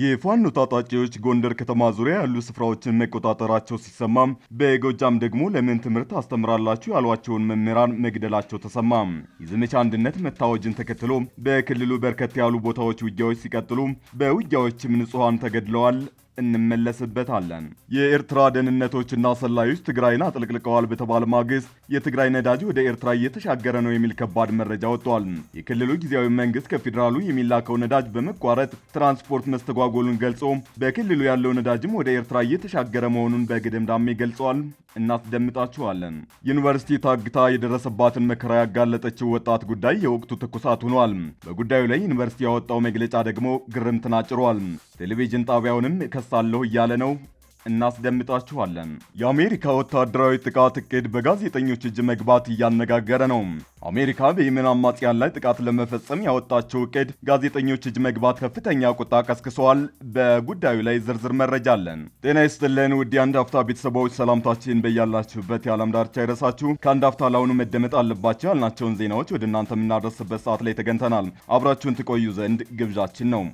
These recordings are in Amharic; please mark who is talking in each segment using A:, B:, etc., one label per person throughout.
A: የፋኖ ታጣቂዎች ጎንደር ከተማ ዙሪያ ያሉ ስፍራዎችን መቆጣጠራቸው ሲሰማ በጎጃም ደግሞ ለምን ትምህርት አስተምራላችሁ ያሏቸውን መምህራን መግደላቸው ተሰማ። የዘመቻ አንድነት መታወጅን ተከትሎ በክልሉ በርከት ያሉ ቦታዎች ውጊያዎች ሲቀጥሉ፣ በውጊያዎችም ንጹሐን ተገድለዋል፣ እንመለስበታለን። የኤርትራ ደህንነቶችና ሰላዮች ትግራይን አጥልቅልቀዋል በተባለ ማግስት የትግራይ ነዳጅ ወደ ኤርትራ እየተሻገረ ነው የሚል ከባድ መረጃ ወጥቷል። የክልሉ ጊዜያዊ መንግስት ከፌዴራሉ የሚላከው ነዳጅ በመቋረጥ ትራንስፖርት መስተጓጎሉን ገልጾ በክልሉ ያለው ነዳጅም ወደ ኤርትራ እየተሻገረ መሆኑን በግድምዳሜ ገልጿል። እናስደምጣችኋለን። ዩኒቨርሲቲ ታግታ የደረሰባትን መከራ ያጋለጠችው ወጣት ጉዳይ የወቅቱ ትኩሳት ሆኗል። በጉዳዩ ላይ ዩኒቨርሲቲ ያወጣው መግለጫ ደግሞ ግርምትን አጭሯል። ቴሌቪዥን ጣቢያውንም እከሳለሁ እያለ ነው። እናስደምጣችኋለን። የአሜሪካ ወታደራዊ ጥቃት እቅድ በጋዜጠኞች እጅ መግባት እያነጋገረ ነው። አሜሪካ በየመን አማጽያን ላይ ጥቃት ለመፈጸም ያወጣቸው እቅድ ጋዜጠኞች እጅ መግባት ከፍተኛ ቁጣ ቀስቅሰዋል። በጉዳዩ ላይ ዝርዝር መረጃ አለን። ጤና ይስጥልን ውድ የአንድ አፍታ ቤተሰቦች፣ ሰላምታችን በያላችሁበት የዓለም ዳርቻ ይረሳችሁ። ከአንድ አፍታ ለአሁኑ መደመጥ አለባቸው ያልናቸውን ዜናዎች ወደ እናንተ የምናደርስበት ሰዓት ላይ ተገኝተናል። አብራችሁን ትቆዩ ዘንድ ግብዣችን ነው።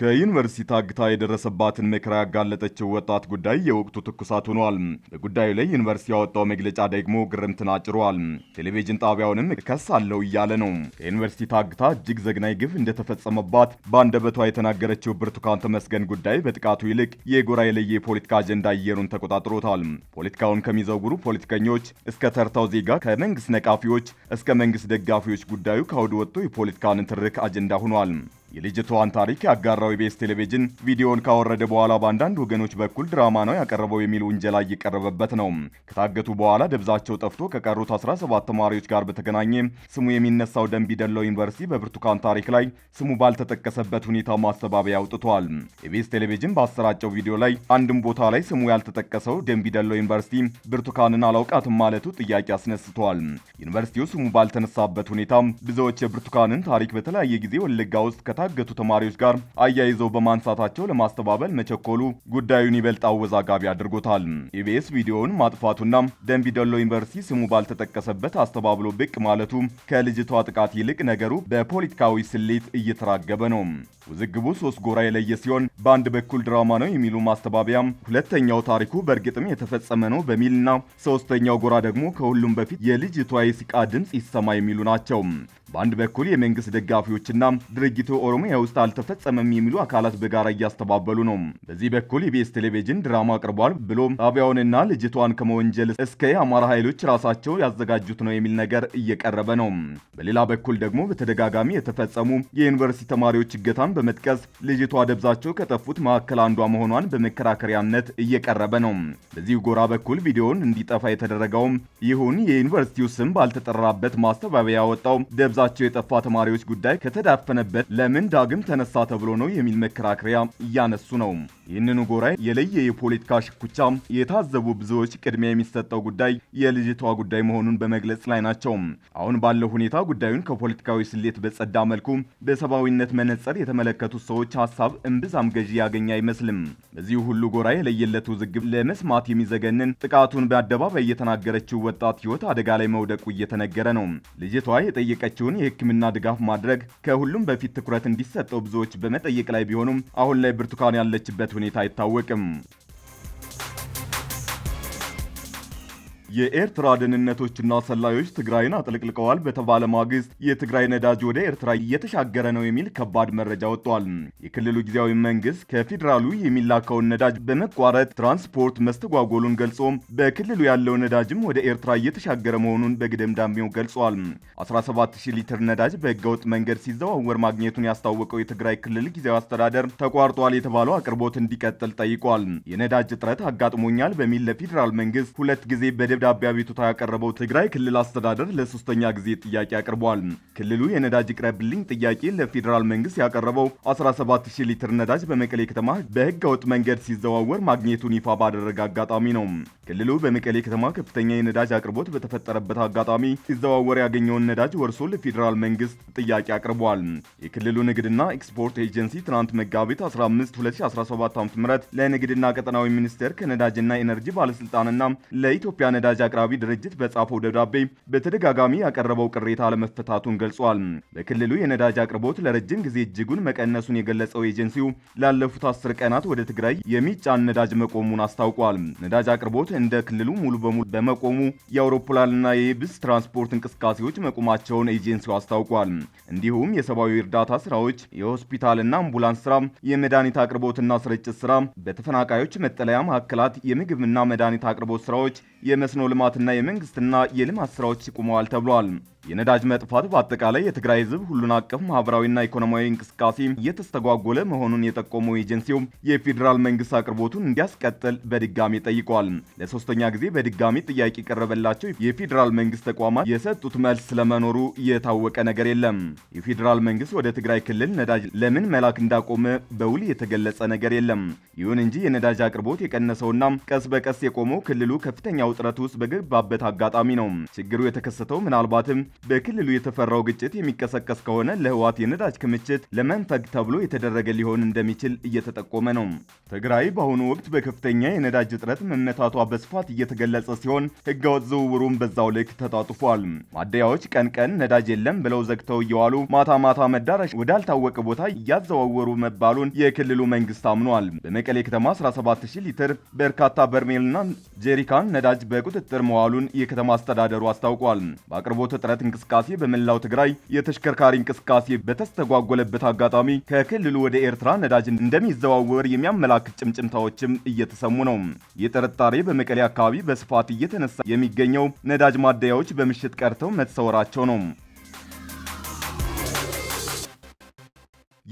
A: ከዩኒቨርሲቲ ታግታ የደረሰባትን መከራ ያጋለጠችው ወጣት ጉዳይ የወቅቱ ትኩሳት ሆኗል። በጉዳዩ ላይ ዩኒቨርሲቲ ያወጣው መግለጫ ደግሞ ግርምትን አጭሯል። ቴሌቪዥን ጣቢያውንም እከሳለሁ እያለ ነው። ከዩኒቨርሲቲ ታግታ እጅግ ዘግናይ ግፍ እንደተፈጸመባት በአንደበቷ የተናገረችው ብርቱካን ተመስገን ጉዳይ በጥቃቱ ይልቅ የጎራ የለየ የፖለቲካ አጀንዳ አየሩን ተቆጣጥሮታል። ፖለቲካውን ከሚዘውሩ ፖለቲከኞች እስከ ተርታው ዜጋ፣ ከመንግስት ነቃፊዎች እስከ መንግስት ደጋፊዎች ጉዳዩ ከአውድ ወጥቶ የፖለቲካን ትርክ አጀንዳ ሆኗል። የልጅቷን ታሪክ ያጋራው ኢቢኤስ ቴሌቪዥን ቪዲዮን ካወረደ በኋላ በአንዳንድ ወገኖች በኩል ድራማ ነው ያቀረበው የሚል ውንጀላ እየቀረበበት ነው። ከታገቱ በኋላ ደብዛቸው ጠፍቶ ከቀሩት 17 ተማሪዎች ጋር በተገናኘ ስሙ የሚነሳው ደንቢ ደሎ ዩኒቨርሲቲ በብርቱካን ታሪክ ላይ ስሙ ባልተጠቀሰበት ሁኔታ ማስተባበያ አውጥቷል። ኢቢኤስ ቴሌቪዥን ባሰራጨው ቪዲዮ ላይ አንድም ቦታ ላይ ስሙ ያልተጠቀሰው ደንቢ ደሎ ዩኒቨርሲቲ ብርቱካንን አላውቃትም ማለቱ ጥያቄ አስነስቷል። ዩኒቨርሲቲው ስሙ ባልተነሳበት ሁኔታ ብዙዎች የብርቱካንን ታሪክ በተለያየ ጊዜ ወለጋ ውስጥ ከታ ከታገቱ ተማሪዎች ጋር አያይዘው በማንሳታቸው ለማስተባበል መቸኮሉ ጉዳዩን ይበልጥ አወዛጋቢ አድርጎታል። ኢቢኤስ ቪዲዮውን ማጥፋቱና ደንቢደሎ ዩኒቨርሲቲ ስሙ ባልተጠቀሰበት አስተባብሎ ብቅ ማለቱ ከልጅቷ ጥቃት ይልቅ ነገሩ በፖለቲካዊ ስሌት እየተራገበ ነው። ውዝግቡ ሶስት ጎራ የለየ ሲሆን በአንድ በኩል ድራማ ነው የሚሉ ማስተባበያም፣ ሁለተኛው ታሪኩ በእርግጥም የተፈጸመ ነው በሚልና ሶስተኛው ጎራ ደግሞ ከሁሉም በፊት የልጅቷ የሲቃ ድምፅ ይሰማ የሚሉ ናቸው። በአንድ በኩል የመንግስት ደጋፊዎችና ድርጅቱ ኦሮሚያ ውስጥ አልተፈጸመም የሚሉ አካላት በጋራ እያስተባበሉ ነው። በዚህ በኩል የቤስ ቴሌቪዥን ድራማ አቅርቧል ብሎ ጣቢያውንና ልጅቷን ከመወንጀል እስከ የአማራ ኃይሎች ራሳቸው ያዘጋጁት ነው የሚል ነገር እየቀረበ ነው። በሌላ በኩል ደግሞ በተደጋጋሚ የተፈጸሙ የዩኒቨርሲቲ ተማሪዎች እገታን በመጥቀስ ልጅቷ ደብዛቸው ከጠፉት መካከል አንዷ መሆኗን በመከራከሪያነት እየቀረበ ነው። በዚህ ጎራ በኩል ቪዲዮውን እንዲጠፋ የተደረገውም ይሁን የዩኒቨርሲቲው ስም ባልተጠራበት ማስተባበያ ያወጣው ደብዛ ትምህርታቸው የጠፋ ተማሪዎች ጉዳይ ከተዳፈነበት ለምን ዳግም ተነሳ ተብሎ ነው የሚል መከራከሪያ እያነሱ ነው። ይህንኑ ጎራ የለየ የፖለቲካ ሽኩቻ የታዘቡ ብዙዎች ቅድሚያ የሚሰጠው ጉዳይ የልጅቷ ጉዳይ መሆኑን በመግለጽ ላይ ናቸው። አሁን ባለው ሁኔታ ጉዳዩን ከፖለቲካዊ ስሌት በጸዳ መልኩ በሰብአዊነት መነጽር የተመለከቱት ሰዎች ሀሳብ እምብዛም ገዢ ያገኘ አይመስልም። በዚሁ ሁሉ ጎራ የለየለት ውዝግብ ለመስማት የሚዘገንን ጥቃቱን በአደባባይ የተናገረችው ወጣት ህይወት አደጋ ላይ መውደቁ እየተነገረ ነው። ልጅቷ የጠየቀችውን የህክምና ድጋፍ ማድረግ ከሁሉም በፊት ትኩረት እንዲሰጠው ብዙዎች በመጠየቅ ላይ ቢሆኑም አሁን ላይ ብርቱካን ያለችበት ሁኔታ አይታወቅም። የኤርትራ ደህንነቶችና ሰላዮች ትግራይን አጥለቅልቀዋል በተባለ ማግስት የትግራይ ነዳጅ ወደ ኤርትራ እየተሻገረ ነው የሚል ከባድ መረጃ ወጥቷል። የክልሉ ጊዜያዊ መንግስት ከፌዴራሉ የሚላከውን ነዳጅ በመቋረጥ ትራንስፖርት መስተጓጎሉን ገልጾም በክልሉ ያለው ነዳጅም ወደ ኤርትራ እየተሻገረ መሆኑን በግደምዳሜው ገልጿል። 17000 ሊትር ነዳጅ በህገወጥ መንገድ ሲዘዋወር ማግኘቱን ያስታወቀው የትግራይ ክልል ጊዜያዊ አስተዳደር ተቋርጧል የተባለው አቅርቦት እንዲቀጥል ጠይቋል። የነዳጅ እጥረት አጋጥሞኛል በሚል ለፌዴራል መንግስት ሁለት ጊዜ በደብ የደብዳቤ አቤቱታ ያቀረበው ትግራይ ክልል አስተዳደር ለሶስተኛ ጊዜ ጥያቄ አቅርቧል። ክልሉ የነዳጅ ቅረብልኝ ጥያቄ ለፌዴራል መንግስት ያቀረበው 17000 ሊትር ነዳጅ በመቀሌ ከተማ በህገ ወጥ መንገድ ሲዘዋወር ማግኘቱን ይፋ ባደረገ አጋጣሚ ነው። ክልሉ በመቀሌ ከተማ ከፍተኛ የነዳጅ አቅርቦት በተፈጠረበት አጋጣሚ ሲዘዋወር ያገኘውን ነዳጅ ወርሶ ለፌዴራል መንግስት ጥያቄ አቅርቧል። የክልሉ ንግድና ኤክስፖርት ኤጀንሲ ትናንት መጋቢት 15 2017 ዓ.ም ለንግድና ቀጠናዊ ሚኒስቴር ከነዳጅና ኤነርጂ ባለስልጣንና ለኢትዮጵያ ነዳጅ አዘጋጅ አቅራቢ ድርጅት በጻፈው ደብዳቤ በተደጋጋሚ ያቀረበው ቅሬታ አለመፈታቱን ገልጿል። በክልሉ የነዳጅ አቅርቦት ለረጅም ጊዜ እጅጉን መቀነሱን የገለጸው ኤጀንሲው ላለፉት አስር ቀናት ወደ ትግራይ የሚጫን ነዳጅ መቆሙን አስታውቋል። ነዳጅ አቅርቦት እንደ ክልሉ ሙሉ በሙሉ በመቆሙ የአውሮፕላንና የየብስ ትራንስፖርት እንቅስቃሴዎች መቆማቸውን ኤጀንሲው አስታውቋል። እንዲሁም የሰብአዊ እርዳታ ስራዎች፣ የሆስፒታልና አምቡላንስ ስራ፣ የመድኃኒት አቅርቦትና ስርጭት ስራ፣ በተፈናቃዮች መጠለያ ማዕከላት የምግብና መድኃኒት አቅርቦት ስራዎች፣ የመስኖ የመስኖ ልማትና የመንግስትና የልማት ስራዎች ይቁመዋል ተብሏል። የነዳጅ መጥፋት በአጠቃላይ የትግራይ ህዝብ ሁሉን አቀፍ ማህበራዊና ኢኮኖሚያዊ እንቅስቃሴ እየተስተጓጎለ መሆኑን የጠቆመው ኤጀንሲው የፌዴራል መንግስት አቅርቦቱን እንዲያስቀጥል በድጋሚ ጠይቋል። ለሶስተኛ ጊዜ በድጋሚ ጥያቄ ቀረበላቸው የፌዴራል መንግስት ተቋማት የሰጡት መልስ ስለመኖሩ የታወቀ ነገር የለም። የፌዴራል መንግስት ወደ ትግራይ ክልል ነዳጅ ለምን መላክ እንዳቆመ በውል የተገለጸ ነገር የለም። ይሁን እንጂ የነዳጅ አቅርቦት የቀነሰውና ቀስ በቀስ የቆመው ክልሉ ከፍተኛ ውጥረት ውስጥ በገባበት አጋጣሚ ነው። ችግሩ የተከሰተው ምናልባትም በክልሉ የተፈራው ግጭት የሚቀሰቀስ ከሆነ ለህዋት የነዳጅ ክምችት ለመንፈግ ተብሎ የተደረገ ሊሆን እንደሚችል እየተጠቆመ ነው። ትግራይ በአሁኑ ወቅት በከፍተኛ የነዳጅ እጥረት መመታቷ በስፋት እየተገለጸ ሲሆን ህገወጥ ዝውውሩን በዛው ልክ ተጣጥፏል። ማደያዎች ቀን ቀን ነዳጅ የለም ብለው ዘግተው እየዋሉ ማታ ማታ መዳረሻ ወዳልታወቀ ቦታ እያዘዋወሩ መባሉን የክልሉ መንግስት አምኗል። በመቀሌ ከተማ 170 ሊትር በርካታ በርሜልና ጄሪካን ነዳጅ በቁጥጥር መዋሉን የከተማ አስተዳደሩ አስታውቋል። በአቅርቦት እጥረት እንቅስቃሴ በመላው ትግራይ የተሽከርካሪ እንቅስቃሴ በተስተጓጎለበት አጋጣሚ ከክልሉ ወደ ኤርትራ ነዳጅ እንደሚዘዋወር የሚያመላክት ጭምጭምታዎችም እየተሰሙ ነው። የጥርጣሬ በመቀሌ አካባቢ በስፋት እየተነሳ የሚገኘው ነዳጅ ማደያዎች በምሽት ቀርተው መሰወራቸው ነው።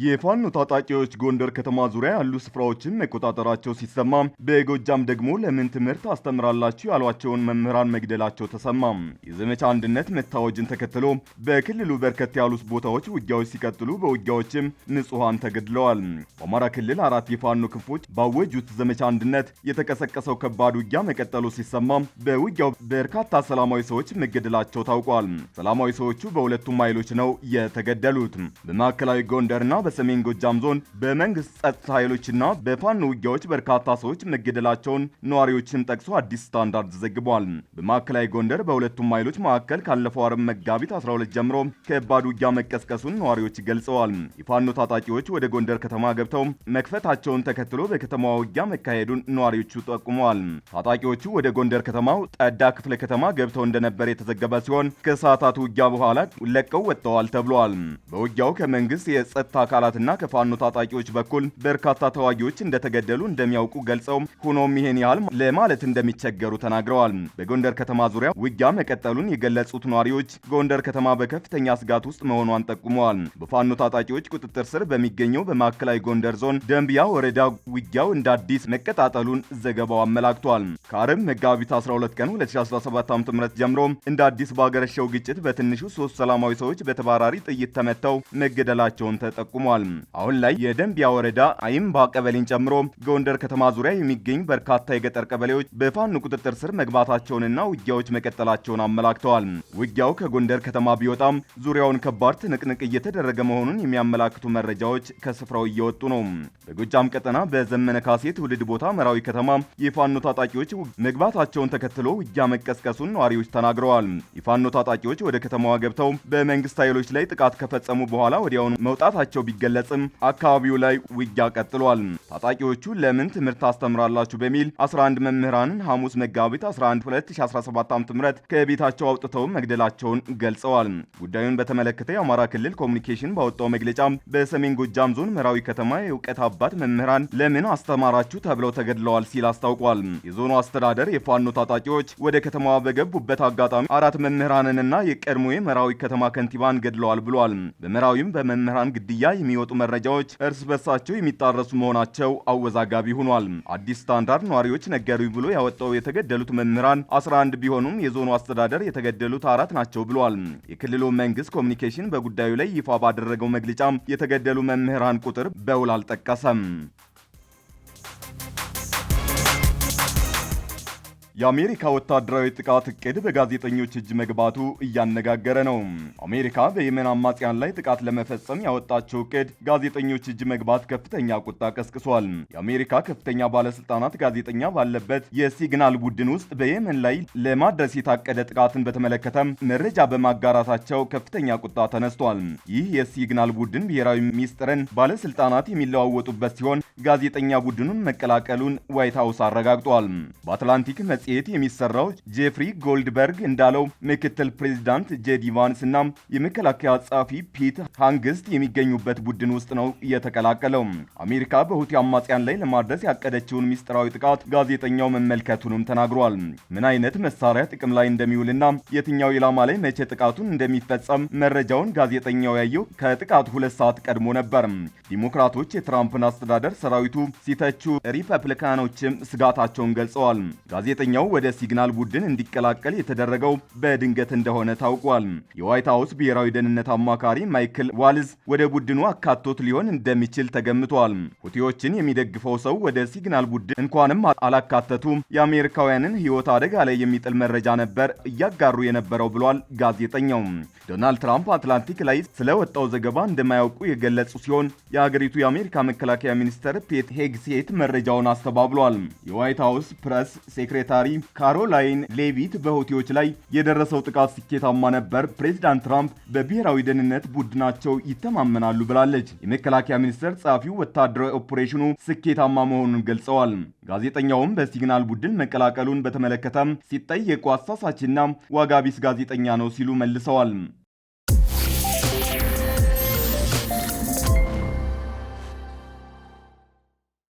A: የፋኖ ታጣቂዎች ጎንደር ከተማ ዙሪያ ያሉ ስፍራዎችን መቆጣጠራቸው ሲሰማ፣ በጎጃም ደግሞ ለምን ትምህርት አስተምራላችሁ ያሏቸውን መምህራን መግደላቸው ተሰማ። የዘመቻ አንድነት መታወጅን ተከትሎ በክልሉ በርከት ያሉት ቦታዎች ውጊያዎች ሲቀጥሉ፣ በውጊያዎችም ንጹሐን ተገድለዋል። በአማራ ክልል አራት የፋኖ ክንፎች ባወጁት ዘመቻ አንድነት የተቀሰቀሰው ከባድ ውጊያ መቀጠሉ ሲሰማ በውጊያው በርካታ ሰላማዊ ሰዎች መገደላቸው ታውቋል። ሰላማዊ ሰዎቹ በሁለቱም ኃይሎች ነው የተገደሉት። በማዕከላዊ ጎንደርና በሰሜን ጎጃም ዞን በመንግስት ጸጥታ ኃይሎችና በፋኖ ውጊያዎች በርካታ ሰዎች መገደላቸውን ነዋሪዎችን ጠቅሶ አዲስ ስታንዳርድ ዘግቧል። በማዕከላዊ ጎንደር በሁለቱም ኃይሎች መካከል ካለፈው አርብ መጋቢት 12 ጀምሮ ከባድ ውጊያ መቀስቀሱን ነዋሪዎች ገልጸዋል። የፋኖ ታጣቂዎች ወደ ጎንደር ከተማ ገብተው መክፈታቸውን ተከትሎ በከተማዋ ውጊያ መካሄዱን ነዋሪዎቹ ጠቁመዋል። ታጣቂዎቹ ወደ ጎንደር ከተማው ጠዳ ክፍለ ከተማ ገብተው እንደነበር የተዘገበ ሲሆን ከሰዓታት ውጊያ በኋላ ለቀው ወጥተዋል ተብሏል። በውጊያው ከመንግስት የጸጥታ አካላትና ከፋኖ ታጣቂዎች በኩል በርካታ ተዋጊዎች እንደተገደሉ እንደሚያውቁ ገልጸው ሆኖም ይሄን ያህል ለማለት እንደሚቸገሩ ተናግረዋል። በጎንደር ከተማ ዙሪያ ውጊያ መቀጠሉን የገለጹት ነዋሪዎች ጎንደር ከተማ በከፍተኛ ስጋት ውስጥ መሆኗን ጠቁመዋል። በፋኖ ታጣቂዎች ቁጥጥር ስር በሚገኘው በማዕከላዊ ጎንደር ዞን ደንቢያ ወረዳ ውጊያው እንደ አዲስ መቀጣጠሉን ዘገባው አመላክቷል። ከአርብ መጋቢት 12 ቀን 2017 .ም ጀምሮ እንደ አዲስ ባገረሸው ግጭት በትንሹ ሶስት ሰላማዊ ሰዎች በተባራሪ ጥይት ተመተው መገደላቸውን ተጠቁሟል። ጠቁሟል። አሁን ላይ የደንቢያ ወረዳ አይምባ ቀበሌን ጨምሮ ጎንደር ከተማ ዙሪያ የሚገኝ በርካታ የገጠር ቀበሌዎች በፋኑ ቁጥጥር ስር መግባታቸውንና ውጊያዎች መቀጠላቸውን አመላክተዋል። ውጊያው ከጎንደር ከተማ ቢወጣም ዙሪያውን ከባድ ትንቅንቅ እየተደረገ መሆኑን የሚያመላክቱ መረጃዎች ከስፍራው እየወጡ ነው። በጎጃም ቀጠና በዘመነ ካሴ ትውልድ ቦታ መራዊ ከተማ የፋኖ ታጣቂዎች መግባታቸውን ተከትሎ ውጊያ መቀስቀሱን ነዋሪዎች ተናግረዋል። የፋኖ ታጣቂዎች ወደ ከተማዋ ገብተው በመንግስት ኃይሎች ላይ ጥቃት ከፈጸሙ በኋላ ወዲያውኑ መውጣታቸው ቢገለጽም አካባቢው ላይ ውጊያ ቀጥሏል። ታጣቂዎቹ ለምን ትምህርት ታስተምራላችሁ በሚል 11 መምህራንን ሐሙስ መጋቢት 11 2017 ዓ.ም ከቤታቸው አውጥተው መግደላቸውን ገልጸዋል። ጉዳዩን በተመለከተ የአማራ ክልል ኮሚኒኬሽን ባወጣው መግለጫ በሰሜን ጎጃም ዞን ምዕራዊ ከተማ የእውቀት አባት መምህራን ለምን አስተማራችሁ ተብለው ተገድለዋል ሲል አስታውቋል። የዞኑ አስተዳደር የፋኖ ታጣቂዎች ወደ ከተማዋ በገቡበት አጋጣሚ አራት መምህራንንና የቀድሞ የመራዊ ከተማ ከንቲባን ገድለዋል ብሏል። በምዕራዊም በመምህራን ግድያ የሚወጡ መረጃዎች እርስ በርሳቸው የሚጣረሱ መሆናቸው አወዛጋቢ ሆኗል። አዲስ ስታንዳርድ ነዋሪዎች ነገሩ ብሎ ያወጣው የተገደሉት መምህራን 11 ቢሆኑም የዞኑ አስተዳደር የተገደሉት አራት ናቸው ብሏል። የክልሉ መንግስት ኮሚኒኬሽን በጉዳዩ ላይ ይፋ ባደረገው መግለጫም የተገደሉ መምህራን ቁጥር በውል አልጠቀሰም። የአሜሪካ ወታደራዊ ጥቃት እቅድ በጋዜጠኞች እጅ መግባቱ እያነጋገረ ነው። አሜሪካ በየመን አማጽያን ላይ ጥቃት ለመፈጸም ያወጣቸው እቅድ ጋዜጠኞች እጅ መግባት ከፍተኛ ቁጣ ቀስቅሷል። የአሜሪካ ከፍተኛ ባለስልጣናት ጋዜጠኛ ባለበት የሲግናል ቡድን ውስጥ በየመን ላይ ለማድረስ የታቀደ ጥቃትን በተመለከተም መረጃ በማጋራታቸው ከፍተኛ ቁጣ ተነስቷል። ይህ የሲግናል ቡድን ብሔራዊ ሚስጥርን ባለስልጣናት የሚለዋወጡበት ሲሆን ጋዜጠኛ ቡድኑን መቀላቀሉን ዋይት ሀውስ አረጋግጧል። በአትላንቲክ መጽሔት የሚሰራው ጄፍሪ ጎልድበርግ እንዳለው ምክትል ፕሬዚዳንት ጄዲ ቫንስ እና የመከላከያ ጸሐፊ ፒት ሃንግስት የሚገኙበት ቡድን ውስጥ ነው የተቀላቀለው። አሜሪካ በሁቲ አማጽያን ላይ ለማድረስ ያቀደችውን ሚስጥራዊ ጥቃት ጋዜጠኛው መመልከቱንም ተናግሯል። ምን አይነት መሳሪያ ጥቅም ላይ እንደሚውልና የትኛው ኢላማ ላይ መቼ ጥቃቱን እንደሚፈጸም መረጃውን ጋዜጠኛው ያየው ከጥቃቱ ሁለት ሰዓት ቀድሞ ነበር። ዲሞክራቶች የትራምፕን አስተዳደር ሰራዊቱ ሲተቹ፣ ሪፐብሊካኖችም ስጋታቸውን ገልጸዋል። ጋዜጠኛ ስደተኛው ወደ ሲግናል ቡድን እንዲቀላቀል የተደረገው በድንገት እንደሆነ ታውቋል። የዋይት ሀውስ ብሔራዊ ደህንነት አማካሪ ማይክል ዋልዝ ወደ ቡድኑ አካቶት ሊሆን እንደሚችል ተገምቷል። ሁቲዎችን የሚደግፈው ሰው ወደ ሲግናል ቡድን እንኳንም አላካተቱም፣ የአሜሪካውያንን ሕይወት አደጋ ላይ የሚጥል መረጃ ነበር እያጋሩ የነበረው ብሏል ጋዜጠኛው። ዶናልድ ትራምፕ አትላንቲክ ላይ ስለወጣው ዘገባ እንደማያውቁ የገለጹ ሲሆን የሀገሪቱ የአሜሪካ መከላከያ ሚኒስትር ፔት ሄግሴት መረጃውን አስተባብሏል። የዋይት ሀውስ ፕሬስ ሴክሬታሪ ተጠርጣሪ ካሮላይን ሌቪት በሆቴዎች ላይ የደረሰው ጥቃት ስኬታማ ነበር፣ ፕሬዚዳንት ትራምፕ በብሔራዊ ደህንነት ቡድናቸው ይተማመናሉ ብላለች። የመከላከያ ሚኒስቴር ጸሐፊው ወታደራዊ ኦፕሬሽኑ ስኬታማ መሆኑን ገልጸዋል። ጋዜጠኛውም በሲግናል ቡድን መቀላቀሉን በተመለከተ ሲጠየቁ አሳሳችና ዋጋቢስ ጋዜጠኛ ነው ሲሉ መልሰዋል።